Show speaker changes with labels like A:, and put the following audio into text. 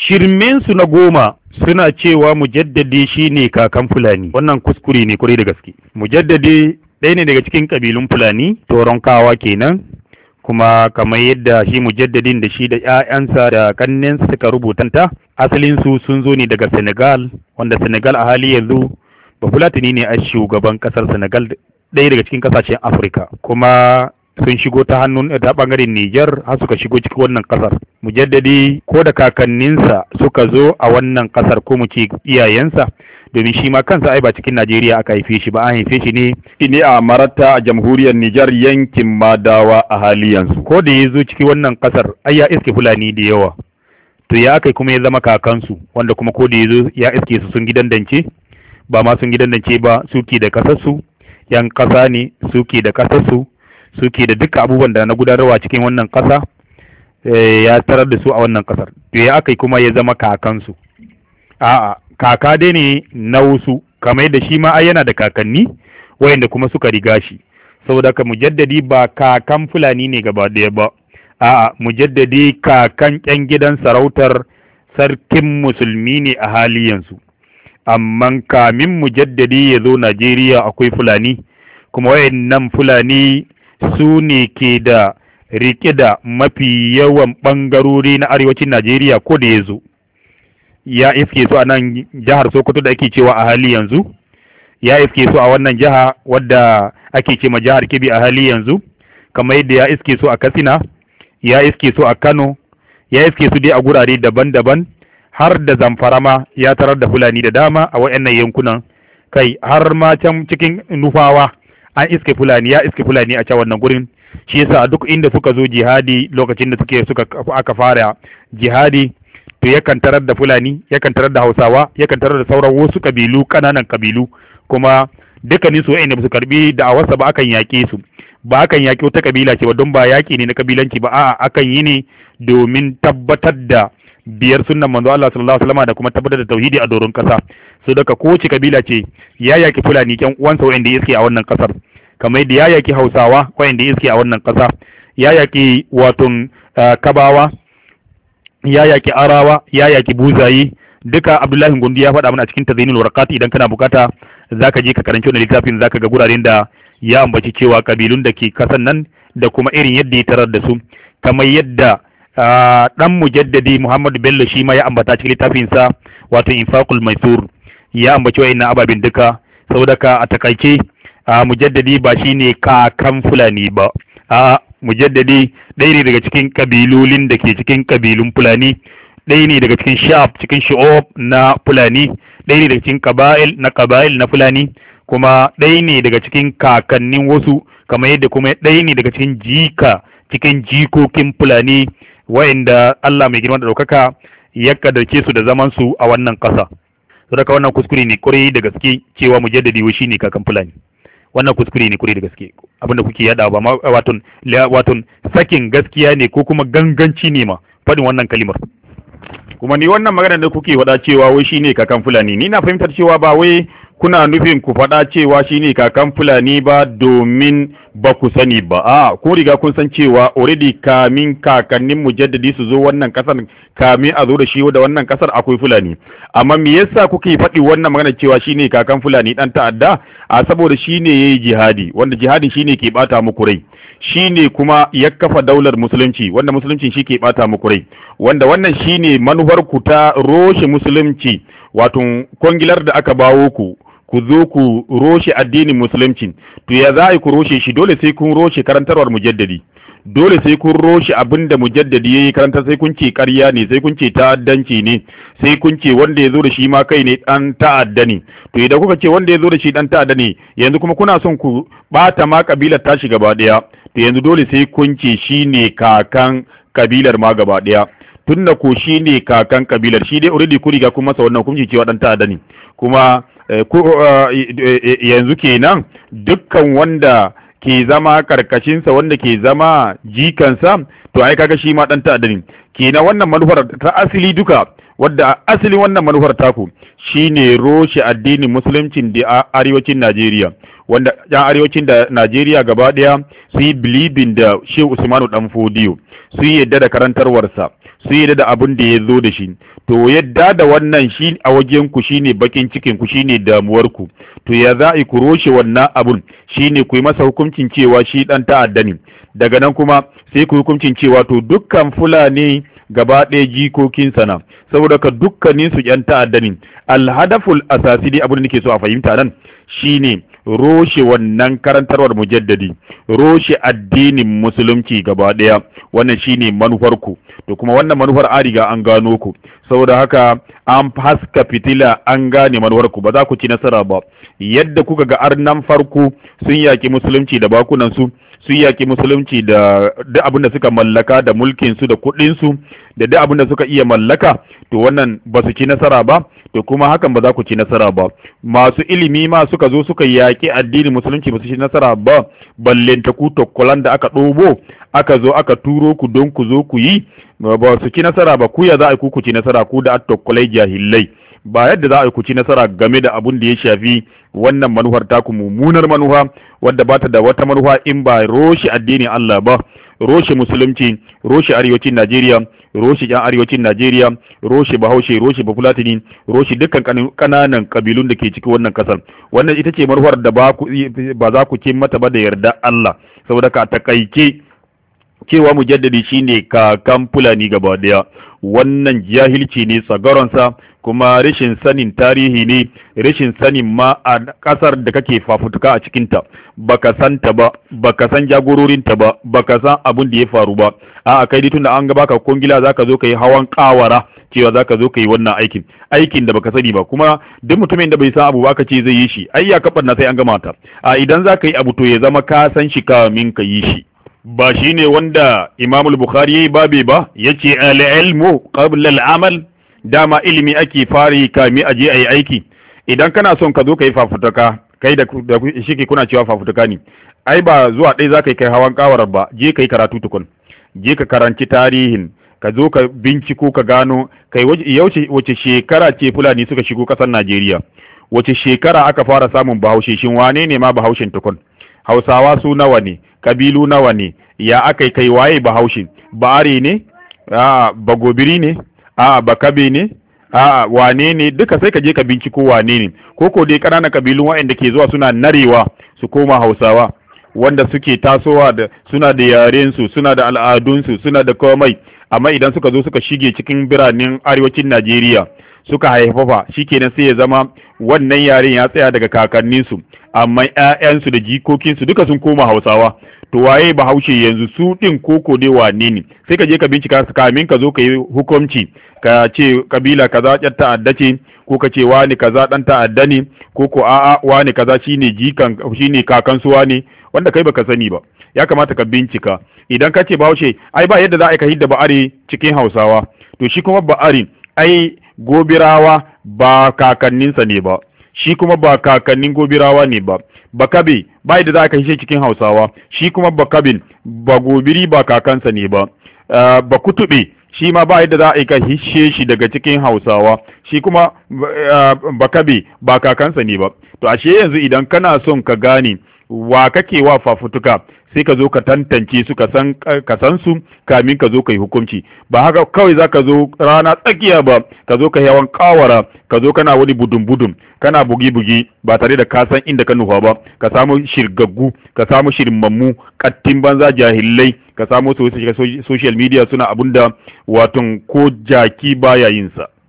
A: shirminsu na goma suna cewa mujaddadi ne kakan fulani wannan kuskure ne kwarai da gaske mujaddadi ɗaya ne daga cikin ƙabilun fulani kawa kenan kuma kamar yadda shi mujaddadin da shi da 'ya'yansa da ƙannensa suka rubutanta asalinsu sun zo ne daga senegal wanda senegal a hali yanzu ba bafulatani ne a shugaban ƙasar senegal ɗaya daga cikin ƙasashen afirka kuma sun shigo ta hannun eh, ta bangaren Nijar har suka shigo cikin wannan kasar mujaddadi ko da kakanninsa suka zo a wannan kasar ko muke iyayensa domin shi ma kansa ai ba cikin Najeriya aka haife shi ba an haife shi ne ne a Marata a jamhuriyar Nijar yankin Madawa a hali yanzu ko da ya cikin wannan kasar ai ya iske Fulani da yawa to ya aka kuma ya zama kakansu wanda kuma ko da ya zo ya iske su sun gidan dance ba ma sun gidan dance ba suke da kasarsu yan kasa ne suke da kasarsu suke da duka abubuwan da na gudanarwa cikin wannan ƙasa eh, ya tarar da su a wannan ƙasar to ya aka kuma ya zama kakansu a'a kaka dai ne na wasu kamar yadda shi ma ai yana da kakanni wayanda kuma suka riga shi saboda ka mujaddadi ba kakan fulani ne gaba ɗaya ba a'a mujaddadi kakan ƴan gidan sarautar sarkin musulmi ne a hali yanzu amma kamin mujaddadi ya zo Najeriya akwai fulani kuma wayannan fulani su ne ke da rike da mafi yawan ɓangarori na arewacin Najeriya ko da ya zo. Ya iske su a nan jihar Sokoto da ake cewa a hali yanzu, ya iske su a wannan jiha wadda ake ce ma jihar Kebbi a hali yanzu, kamar yadda ya iske su a Katsina, ya iske su a Kano, ya iske su dai a gurare daban-daban har da zamfarama ya tarar da Fulani da dama a waɗannan yankunan kai har ma can cikin Nufawa an iske fulani ya iske fulani a can wannan gurin shi yasa duk inda suka zo jihadi lokacin da suke suka aka fara jihadi to yakan tarar da fulani yakan tarar da hausawa yakan tarar da sauran wasu kabilu kananan kabilu kuma dukkanin su wa'anda ba su karbi da da'awarsa ba akan yaƙe su ba akan yaƙi wata kabila ce ba don ba yaƙi ne na kabilanci ba a'a akan yi ne domin tabbatar da biyar sunnan manzo Allah sallallahu alaihi wasallam da kuma tabbatar da tauhidi a doron kasa su daga kowace kabila ce ya yaki fulani kyan uwansa wa'anda iske a wannan kasar kamar yadda ya yaki hausawa wa'anda iske a wannan kasa ya yaki waton kabawa ya yaki arawa ya yaki buzayi duka abdullahi gundu ya faɗa mana a cikin tazainul warakati idan kana bukata zaka je ka karanci wannan littafin zaka ga guraren da ya ambaci cewa kabilun da ke kasan nan da kuma irin yadda ya tarar da su kamar yadda dan mujaddadi Muhammadu Bello shi ma ya ambata cikin littafinsa wato Infaqul Maisur ya ambaci wa'annan ababen duka saboda ka a takaice a mujaddadi ba shine kakan fulani ba a mujaddadi ɗaya ne daga cikin ƙabilolin da ke cikin ƙabilun fulani ɗaya ne daga cikin sha'ab cikin sha'ob na fulani ɗaya ne daga cikin ƙaba'il na ƙaba'il na fulani kuma ɗaya ne daga cikin kakannin wasu kamar yadda kuma ɗaya ne daga cikin jika cikin jikokin fulani wa'inda Allah mai girma da ɗaukaka ya kadarke su da zaman su a wannan ƙasa. to daga wannan kuskure ne kwarai da gaske cewa mujaddadi wa shine kakan fulani wannan kuskure ne kwarai da gaske abinda kuke yada ba ma waton waton sakin gaskiya ne ko kuma ganganci ne ma fadin wannan kalimar kuma ni wannan magana da kuke wada cewa wai shine kakan fulani ni na fahimtar cewa ba wai kuna nufin ku faɗa cewa shi ne kakan fulani ba domin ba ku sani ba a kun riga kun san cewa already kamin kakannin mujaddadi su zo wannan kasar kamin a zo da shi da wannan kasar akwai fulani amma me yasa kuke faɗi wannan magana cewa shi ne kakan fulani dan ta'adda a saboda shi ne ya yi jihadi wanda jihadi shi ne ke ɓata muku rai ne kuma ya kafa daular musulunci wanda musulunci shi ke ɓata muku rai wanda wannan shi ne manufar ku ta roshe musulunci wato kwangilar da aka bawo ku ku zo ku roshe addinin musulunci to ya za ku roshe shi dole sai kun roshe karantarwar mujaddadi dole sai kun roshe abin da mujaddadi yayi karanta sai kun ce ƙarya ne sai kun ce ta'addanci ne sai kun ce wanda ya zo da shi ma kai ne dan ta'adda ne to idan kuka ce wanda ya zo da shi dan ta'adda ne yanzu kuma kuna son ku bata ma kabilar tashi gaba daya to yanzu dole sai kun ce shi ne kakan kabilar ma gaba daya tunda ko shi ne kakan kabilar shi dai already ku riga kun masa wannan kun ce cewa dan ta'adda ne kuma Eh, eh, eh, yanzu kenan dukkan wanda ke zama karkashinsa wanda ke zama jikansa to ai kaga shi ma dan ta'adani kenan wannan manufar ta asili duka wadda asali wannan manufar taku shine roshi addinin musulunci da arewacin Najeriya wanda yan arewacin da Najeriya gaba daya su yi bilibin da sheikh Usmanu Danfodiyo su yi yadda da karantarwarsa su yadda da abin da ya zo da shi to yadda da wannan shi a wajen ku ne bakin cikin ku ne damuwar ku to ya za ku roshe wannan abun shi ne ku yi masa hukuncin cewa shi dan ta'adda ne daga nan kuma sai ku yi hukuncin cewa to dukkan fulani gaba ɗaya jikokin sana saboda ka dukkanin su yan ta'adda ne alhadaful asasi dai abin da nake so a fahimta nan shine roshe wannan karantarwar mujaddadi roshe addinin musulunci gaba ɗaya wannan shine manufar ku to kuma wannan manufar an riga an gano ku saboda haka an haska fitila an gane manuwarku ba za ku ci nasara ba yadda kuka ga arnan farko sun yaki musulunci da su sun yaki musulunci da duk abin da suka mallaka da mulkin su da su da duk abin da suka iya mallaka to wannan ba su ci nasara ba to kuma hakan ba za ku ci nasara ba masu ilimi ma suka zo suka yaƙi addinin musulunci ba su ci nasara ba ballenta ku tokkolan da aka ɗobo aka zo aka turo ku don ku zo ku yi ba su ci nasara ba ku ya za a ku ku ci nasara ku da attokkulai jahillai ba yadda za a ku ci nasara game da abun da ya shafi wannan manuhar taku mummunar manuha wadda ta da wata manuha in ba roshi addinin Allah ba roshi musulunci roshi arewacin Najeriya roshi yan arewacin Najeriya roshi Bahaushe roshi Bafulatini roshi dukkan kananan kabilun da ke cikin wannan kasar wannan ita ce manuhar da ba za ku ci mata ba da yarda Allah saboda ka takaice cewa mujaddadi shine kakan fulani gaba daya wannan jahilci ne tsagaronsa kuma rashin sanin tarihi ne rashin sanin ma a kasar da kake fafutuka a cikinta baka san ta ba baka san jagororinta ba baka san abin da ya faru ba a kai dai tunda an ga baka za zaka zo kai hawan kawara cewa zaka zo kai wannan aikin aikin da baka sani ba kuma duk mutumin da bai san abu ba ka ce zai yi shi ai ya kabar na sai an gama ta a idan zaka yi abu to ya zama ka san shi kamin ka yi shi ba shine wanda imamul Bukhari yi babe ba yace ce al’ilmu qabla al-amal dama ilimi ake fari kami aje yi aiki idan kana son ka zo ka yi fafutuka kai da ke kuna cewa fafutuka ne ai ba zuwa ɗaya za ka yi kai hawan kawarar ba je ka yi karatu tukun je ka karanci tarihin ka zo ka binciko ka gano kai wace shekara ce fulani suka shigo ƙasar najeriya wace shekara aka fara samun bahaushe shin wane ma bahaushen tukun hausawa su nawa ne kabilu nawa ne ya aka kai waye bahaushe are ne a'a gobiri ne a'a kabe ne a'a wane ne duka sai ka je ka binciko wane ne ko ko dai ƙananan kabilun waɗanda ke zuwa suna narewa su koma hausawa wanda suke tasowa da suna da yarensu suna da al'adunsu suna da komai amma idan suka zo suka shige cikin biranen arewacin najeriya suka haifafa shikenan sai ya zama wannan yaren ya tsaya daga kakanninsu amma ƴaƴansu da jikokinsu duka sun koma hausawa to waye bahaushe yanzu su din koko dai wane ne sai ka je ka bincika su kamin ka zo ka yi hukunci ka ce kabila kaza ƴar ta'adda ce ko ka ce wani kaza ɗan ta'adda ne ko ko a'a wani kaza shine jikan shine kakan su wane wanda kai baka sani ba ya kamata ka bincika idan ka ce bahaushe ai ba yadda za a yi ka hidda ba'ari cikin hausawa to shi kuma ba'ari ai gobirawa ba kakanninsa ne ba shi kuma ba kakannin gobirawa ne ba bakabe ba da za ka hishe cikin hausawa shi kuma bakabin ba gobiri ba kakansa ne ba eh, ba kutube shi ma ba yadda za a yi shi daga cikin hausawa shi kuma eh, bakabe ba kakansa ne ba to ashe yanzu idan kana son ka gane wa kake wa fafutuka sai ka zo ka tantance su ka san su kamin ka zo ka yi hukunci ba haka kawai za ka zo rana tsakiya ba ka zo ka yawan kawara ka zo kana wani budun budun kana bugi bugi ba tare da kasan inda ka nufa ba ka samu shirgaggu ka samu shirmammu kattin banza jahilai ka samu su social media suna abunda watan ko jaki baya yinsa.